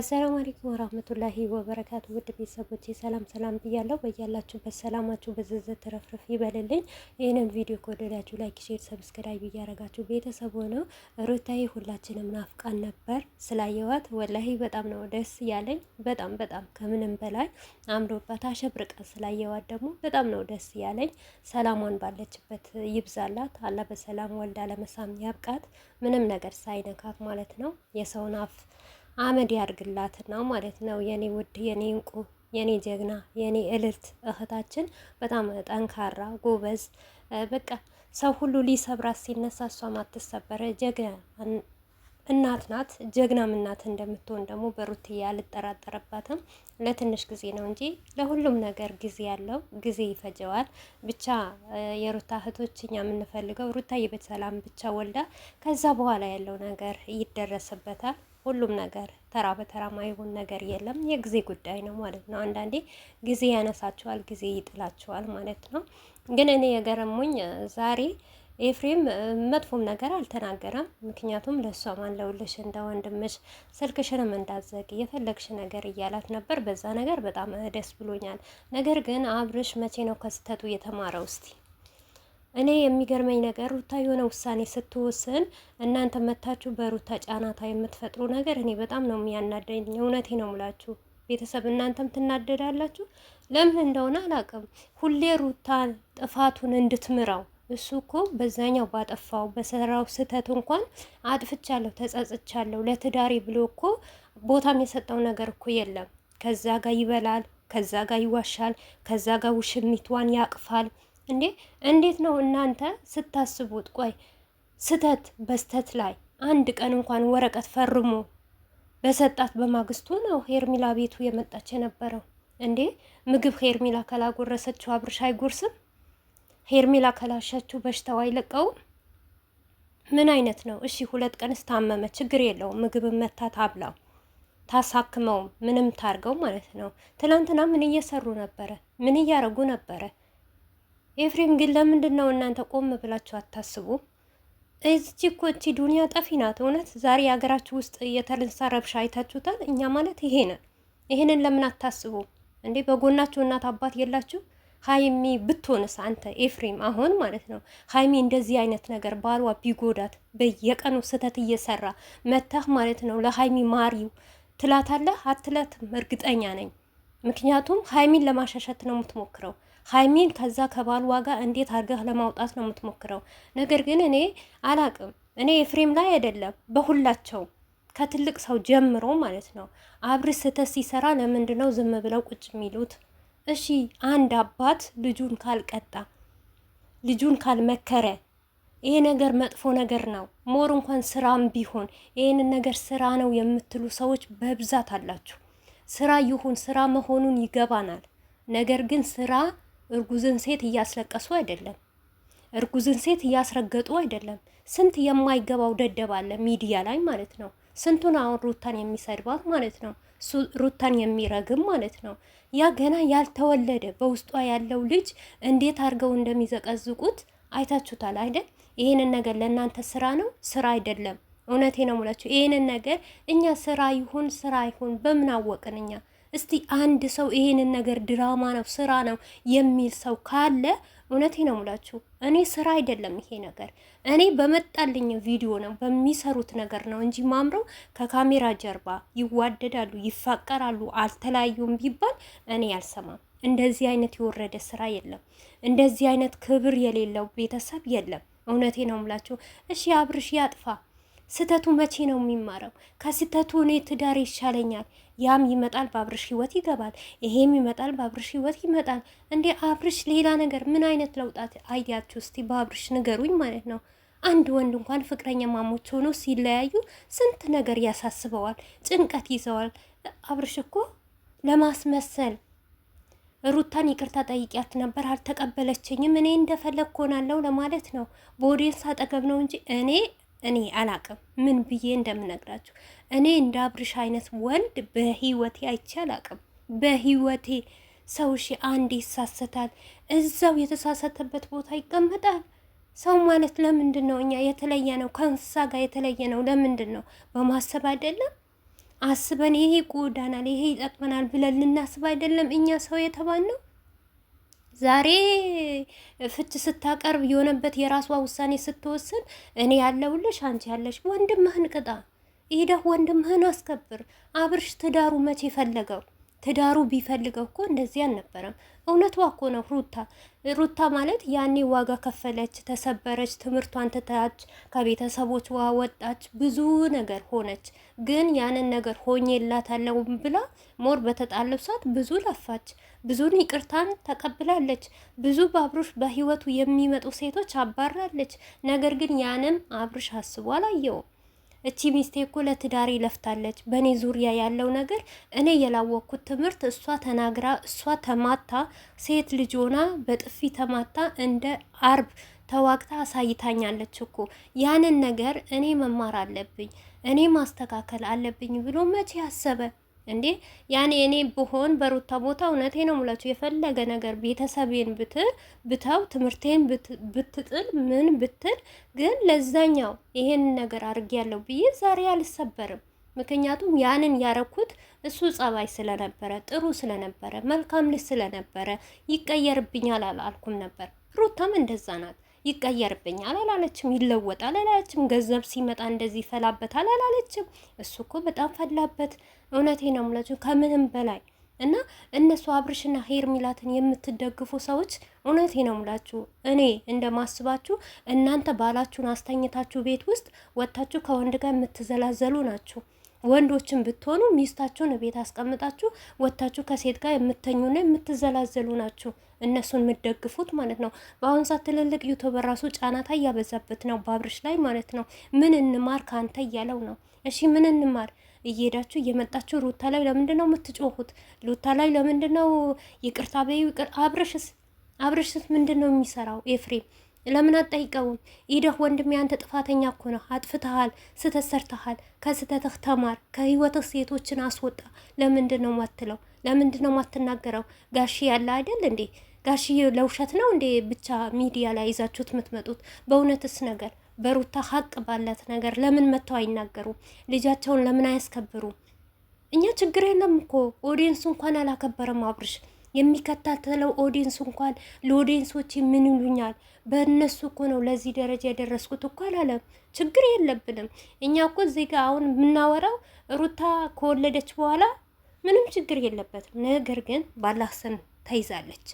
አሰላሙ አለይኩም ወራህመቱላሂ ወበረካቱ ውድ ቤተሰቦቼ ሰላም ሰላም ብያለሁ። በያላችሁበት ሰላማችሁ በዝዝት ተረፍርፍ ይበልልኝ። ይህንን ቪዲዮ ከወደዳችሁ ላይክ፣ ሼር፣ ሰብስክራይብ እያረጋችሁ ቤተሰብ ሆነው ሩታዬ ሁላችንም ናፍቃን ነበር። ስላየዋት ወላሂ በጣም ነው ደስ ያለኝ። በጣም በጣም ከምንም በላይ አምሮባት አሸብርቃ ስላየዋት ደግሞ በጣም ነው ደስ ያለኝ። ሰላሟን ባለችበት ይብዛላት። አላ በሰላም ወልዳ ለመሳም ያብቃት። ምንም ነገር ሳይነካት ማለት ነው የሰውን አፍ አመድ ነው ማለት ነው። የኔ ውድ የኔ እንቁ የኔ ጀግና የኔ እልልት እህታችን በጣም ጠንካራ ጎበዝ፣ በቃ ሰው ሁሉ ሊሰብራት ሲነሳ እሷ ማትሰበረ ጀግና እናት ናት። ጀግናም እናት እንደምትሆን ደግሞ በሩትዬ አልጠራጠረባትም። ለትንሽ ጊዜ ነው እንጂ ለሁሉም ነገር ጊዜ ያለው ጊዜ ይፈጀዋል። ብቻ የሩታ እህቶች እኛ የምንፈልገው ሩታዬ በሰላም ብቻ ወልዳ ከዛ በኋላ ያለው ነገር ይደረስበታል። ሁሉም ነገር ተራ በተራ ማይሆን ነገር የለም። የጊዜ ጉዳይ ነው ማለት ነው። አንዳንዴ ጊዜ ያነሳቸዋል፣ ጊዜ ይጥላቸዋል ማለት ነው። ግን እኔ የገረሙኝ ዛሬ ኤፍሬም መጥፎም ነገር አልተናገረም። ምክንያቱም ለእሷ ማለውልሽ እንደ ወንድምሽ ስልክሽንም እንዳዘግ የፈለግሽ ነገር እያላት ነበር። በዛ ነገር በጣም ደስ ብሎኛል። ነገር ግን አብርሽ መቼ ነው ከስተቱ የተማረው እስቲ እኔ የሚገርመኝ ነገር ሩታ የሆነ ውሳኔ ስትወስን እናንተ መታችሁ በሩታ ጫናታ የምትፈጥሩ ነገር እኔ በጣም ነው የሚያናደኝ። እውነቴ ነው ምላችሁ ቤተሰብ እናንተም ትናደዳላችሁ። ለምን እንደሆነ አላውቅም። ሁሌ ሩታ ጥፋቱን እንድትምራው እሱ እኮ በዛኛው ባጠፋው በሰራው ስህተት እንኳን አጥፍቻለሁ፣ ተጸጽቻለሁ ለትዳሬ ብሎ እኮ ቦታም የሰጠው ነገር እኮ የለም። ከዛ ጋር ይበላል፣ ከዛ ጋር ይዋሻል፣ ከዛ ጋር ውሽሚቷን ያቅፋል። እንዴ እንዴት ነው እናንተ ስታስቡት? ቆይ ስተት በስተት ላይ አንድ ቀን እንኳን ወረቀት ፈርሞ በሰጣት በማግስቱ ነው ሄርሚላ ቤቱ የመጣች የነበረው። እንዴ ምግብ ሄርሚላ ከላጎረሰችው አብርሽ አይጎርስም? ሄርሚላ ካላሻችው በሽታው አይለቀውም? ምን አይነት ነው? እሺ ሁለት ቀን ስታመመ ችግር የለውም ምግብ መታ ታብላው ታሳክመውም ምንም ታርገው ማለት ነው። ትላንትና ምን እየሰሩ ነበረ? ምን እያረጉ ነበረ? ኤፍሬም ግን ለምንድን ነው እናንተ ቆም ብላችሁ አታስቡ? እዚች እኮ እቺ ዱኒያ ጠፊ ናት። እውነት ዛሬ የሀገራችሁ ውስጥ የተልንሳ ረብሻ አይታችሁታል። እኛ ማለት ይሄ ነን። ይህንን ለምን አታስቡ እንዴ? በጎናችሁ እናት አባት የላችሁ? ሀይሚ ብትሆንስ አንተ ኤፍሬም አሁን ማለት ነው ሀይሚ እንደዚህ አይነት ነገር ባሏ ቢጎዳት በየቀኑ ስህተት እየሰራ መታህ ማለት ነው ለሀይሚ ማሪው ትላታለህ አትለትም? እርግጠኛ ነኝ። ምክንያቱም ሀይሚን ለማሸሸት ነው የምትሞክረው። ሀይሚን ከዛ ከባል ዋጋ እንዴት አድርገህ ለማውጣት ነው የምትሞክረው? ነገር ግን እኔ አላቅም። እኔ ኤፍሬም ላይ አይደለም በሁላቸው ከትልቅ ሰው ጀምሮ ማለት ነው። አብር ስህተት ሲሰራ ለምንድን ነው ዝም ብለው ቁጭ የሚሉት? እሺ አንድ አባት ልጁን ካልቀጣ ልጁን ካልመከረ ይሄ ነገር መጥፎ ነገር ነው። ሞር እንኳን ስራም ቢሆን ይህንን ነገር ስራ ነው የምትሉ ሰዎች በብዛት አላችሁ። ስራ ይሁን ስራ መሆኑን ይገባናል። ነገር ግን ስራ እርጉዝን ሴት እያስለቀሱ አይደለም፣ እርጉዝን ሴት እያስረገጡ አይደለም። ስንት የማይገባው ደደብ አለ ሚዲያ ላይ ማለት ነው። ስንቱን አሁን ሩታን የሚሰድባት ማለት ነው፣ ሩታን የሚረግም ማለት ነው። ያ ገና ያልተወለደ በውስጧ ያለው ልጅ እንዴት አድርገው እንደሚዘቀዝቁት አይታችሁታል አይደል? ይሄንን ነገር ለእናንተ ስራ ነው? ስራ አይደለም። እውነቴ ነው ሙላችሁ። ይሄንን ነገር እኛ ስራ ይሁን ስራ ይሁን በምን አወቅን እኛ እስቲ አንድ ሰው ይሄንን ነገር ድራማ ነው ስራ ነው የሚል ሰው ካለ እውነቴ ነው ሙላችሁ፣ እኔ ስራ አይደለም ይሄ ነገር። እኔ በመጣልኝ ቪዲዮ ነው በሚሰሩት ነገር ነው እንጂ ማምረው ከካሜራ ጀርባ ይዋደዳሉ፣ ይፋቀራሉ፣ አልተለያዩም ቢባል እኔ አልሰማም። እንደዚህ አይነት የወረደ ስራ የለም። እንደዚህ አይነት ክብር የሌለው ቤተሰብ የለም። እውነቴ ነው ሙላችሁ። እሺ አብርሽ ያጥፋ ስህተቱ መቼ ነው የሚማረው? ከስህተቱ እኔ ትዳር ይሻለኛል። ያም ይመጣል በአብርሽ ህይወት ይገባል፣ ይሄም ይመጣል በአብርሽ ህይወት ይመጣል። እንዴ አብርሽ ሌላ ነገር ምን አይነት ለውጣት አይዲያችሁ እስቲ በአብርሽ ንገሩኝ ማለት ነው። አንድ ወንድ እንኳን ፍቅረኛ ማሞች ሆኖ ሲለያዩ ስንት ነገር ያሳስበዋል፣ ጭንቀት ይዘዋል። አብርሽ እኮ ለማስመሰል ሩታን ይቅርታ ጠይቂያት ነበር አልተቀበለችኝም፣ እኔ እንደፈለግ ኮናለው ለማለት ነው። በኦዲየንስ አጠገብ ነው እንጂ እኔ እኔ አላቅም ምን ብዬ እንደምነግራችሁ። እኔ እንደ አብርሽ አይነት ወንድ በህይወቴ አይቼ አላቅም። በህይወቴ ሰው ሺ አንድ ይሳሰታል፣ እዛው የተሳሰተበት ቦታ ይቀመጣል። ሰው ማለት ለምንድን ነው እኛ የተለየ ነው ከእንስሳ ጋር የተለየ ነው? ለምንድን ነው በማሰብ አይደለም? አስበን ይሄ ይጎዳናል፣ ይሄ ይጠቅመናል ብለን ልናስብ አይደለም እኛ ሰው ነው? ዛሬ ፍች ስታቀርብ የሆነበት የራሷ ውሳኔ ስትወስን እኔ ያለውልሽ አንቺ ያለሽ ወንድምህን ቅጣ ሄደህ ወንድምህን አስከብር። አብርሽ ትዳሩ መቼ ፈለገው? ትዳሩ ቢፈልገው እኮ እንደዚህ አልነበረም። እውነቱ ዋኮ ነው ሩታ ሩታ ማለት ያኔ ዋጋ ከፈለች፣ ተሰበረች፣ ትምህርቷን ትታች፣ ከቤተሰቦች ወጣች፣ ብዙ ነገር ሆነች። ግን ያንን ነገር ሆኜላታለሁ ብላ ሞር በተጣለብ ሰዓት ብዙ ለፋች፣ ብዙን ይቅርታን ተቀብላለች፣ ብዙ በአብሮሽ በህይወቱ የሚመጡ ሴቶች አባራለች። ነገር ግን ያንም አብርሽ አስቦ አላየውም። እቺ ሚስቴ እኮ ለትዳሬ ለፍታለች። በእኔ ዙሪያ ያለው ነገር እኔ የላወቅኩት ትምህርት እሷ ተናግራ እሷ ተማታ፣ ሴት ልጅ ሆና በጥፊ ተማታ እንደ አርብ ተዋግታ አሳይታኛለች እኮ ያንን ነገር እኔ መማር አለብኝ እኔ ማስተካከል አለብኝ ብሎ መቼ አሰበ? እንዴ ያኔ እኔ ብሆን በሩታ ቦታ እውነቴ ነው ሙላችሁ የፈለገ ነገር ቤተሰቤን ብትል ብተው ትምህርቴን ብትጥል ምን ብትል ግን ለዛኛው ይሄን ነገር አድርጌያለሁ ብዬ ዛሬ አልሰበርም። ምክንያቱም ያንን ያረኩት እሱ ጸባይ ስለነበረ ጥሩ ስለነበረ መልካም ልጅ ስለነበረ ይቀየርብኛል አላልኩም ነበር። ሩታም እንደዛ ናት። ይቀየርብኛል አላለችም። ይለወጣል አላለችም። ገንዘብ ሲመጣ እንደዚህ ይፈላበታል አላለችም። እሱ እኮ በጣም ፈላበት እውነቴ ነው የምላችሁ ከምንም በላይ እና እነሱ አብርሽና ሄር ሚላትን የምትደግፉ ሰዎች እውነቴ ነው የምላችሁ እኔ እንደማስባችሁ እናንተ ባላችሁን አስተኝታችሁ ቤት ውስጥ ወጥታችሁ ከወንድ ጋር የምትዘላዘሉ ናችሁ። ወንዶችን ብትሆኑ ሚስታችሁን ቤት አስቀምጣችሁ ወጥታችሁ ከሴት ጋር የምተኙና የምትዘላዘሉ ናችሁ። እነሱን የምደግፉት ማለት ነው። በአሁን ሰዓት ትልልቅ ዩቱበር ራሱ ጫናታ እያበዛበት ነው፣ በአብርሽ ላይ ማለት ነው። ምን እንማር ከአንተ እያለው ነው። እሺ ምን እንማር እየሄዳችሁ እየመጣችሁ ሩታ ላይ ለምንድን ነው የምትጮሁት? ሩታ ላይ ለምንድን ነው ይቅርታ በይ አብረሽስ አብረሽስ ምንድን ነው የሚሰራው? ኤፍሬም ለምን አጠይቀውም? ኢደህ ወንድሜ አንተ ጥፋተኛ እኮ ነው። አጥፍተሃል፣ ስህተት ሰርተሃል። ከስህተትህ ተማር፣ ከህይወትህ ሴቶችን አስወጣ። ለምንድን ነው ማትለው? ለምንድን ነው ማትናገረው? ጋሺ ያለ አይደል እንዴ? ጋሺ ለውሸት ነው እንዴ? ብቻ ሚዲያ ላይ ይዛችሁት የምትመጡት በእውነትስ ነገር በሩታ ሀቅ ባላት ነገር ለምን መጥተው አይናገሩ ልጃቸውን ለምን አያስከብሩ እኛ ችግር የለም እኮ ኦዲየንሱ እንኳን አላከበረም። አብርሽ የሚከታተለው ኦዲየንሱ እንኳን ለኦዲየንሶች ምን ይሉኛል፣ በእነሱ እኮ ነው ለዚህ ደረጃ የደረስኩት እኮ አላለም። ችግር የለብንም እኛ እኮ እዚህ ጋር አሁን የምናወራው ሩታ ከወለደች በኋላ ምንም ችግር የለበትም። ነገር ግን ባላህ ስን ተይዛለች፣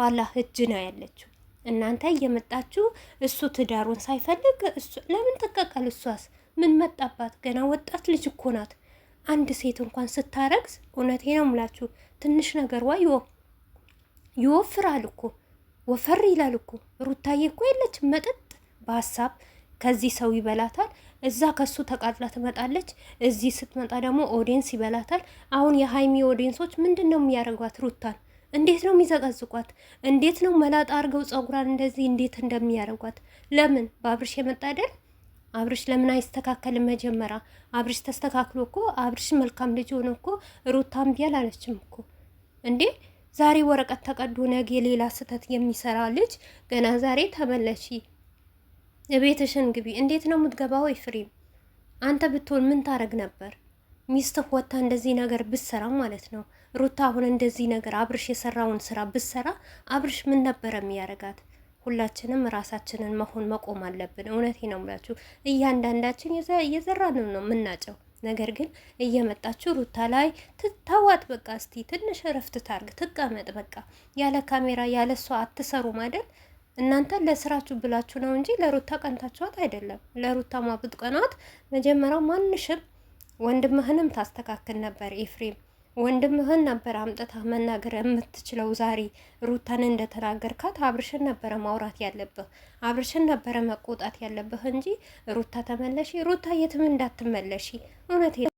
ባላህ እጅ ነው ያለችው። እናንተ እየመጣችሁ እሱ ትዳሩን ሳይፈልግ ለምን ትቀቃል? እሷስ ምን መጣባት? ገና ወጣት ልጅ እኮ ናት። አንድ ሴት እንኳን ስታረግዝ እውነቴ ነው ምላችሁ ትንሽ ነገሯ ይወፍራል እኮ ወፈር ይላል እኮ። ሩታዬ እኮ የለች መጠጥ በሀሳብ ከዚህ ሰው ይበላታል፣ እዛ ከሱ ተቃጥላ ትመጣለች። እዚህ ስትመጣ ደግሞ ኦዲንስ ይበላታል። አሁን የሀይሚ ኦዲንሶች ምንድን ነው የሚያደርጓት ሩታን? እንዴት ነው የሚዘቀዝቋት? እንዴት ነው መላጣ አድርገው ጸጉሯን እንደዚህ እንዴት እንደሚያደርጓት? ለምን በአብርሽ የመጣ አይደል? አብርሽ ለምን አይስተካከልም? መጀመሪያ አብርሽ ተስተካክሎ እኮ አብርሽ መልካም ልጅ ሆነ እኮ ሩታም ቢያል አለችም እኮ እንዴ። ዛሬ ወረቀት ተቀዶ ነገ ሌላ ስህተት የሚሰራ ልጅ ገና ዛሬ ተመለሺ፣ ቤትሽን ግቢ። እንዴት ነው የምትገባው? ፍሬም አንተ ብትሆን ምን ታረግ ነበር? ሚስትህ ወጥታ እንደዚህ ነገር ብትሰራ ማለት ነው ሩታ አሁን እንደዚህ ነገር አብርሽ የሰራውን ስራ ብትሰራ አብርሽ ምን ነበረ የሚያደርጋት? ሁላችንም ራሳችንን መሆን መቆም አለብን። እውነቴ ነው ምላችሁ፣ እያንዳንዳችን እየዘራንም ነው የምናጨው። ነገር ግን እየመጣችሁ ሩታ ላይ ትታዋት፣ በቃ እስቲ ትንሽ እረፍት ታርግ፣ ትቀመጥ። በቃ ያለ ካሜራ ያለ እሷ አትሰሩ ማደል እናንተ ለስራችሁ ብላችሁ ነው እንጂ ለሩታ ቀንታችኋት አይደለም። ለሩታማ ብትቀኗት መጀመሪያው ማንሽም ወንድምህንም ታስተካክል ነበር ኤፍሬም። ወንድምህን ነበር አምጥተህ መናገር የምትችለው። ዛሬ ሩታን እንደተናገርካት አብርሽን ነበረ ማውራት ያለብህ፣ አብርሽን ነበረ መቆጣት ያለብህ እንጂ ሩታ ተመለሺ፣ ሩታ የትም እንዳትመለሺ እውነት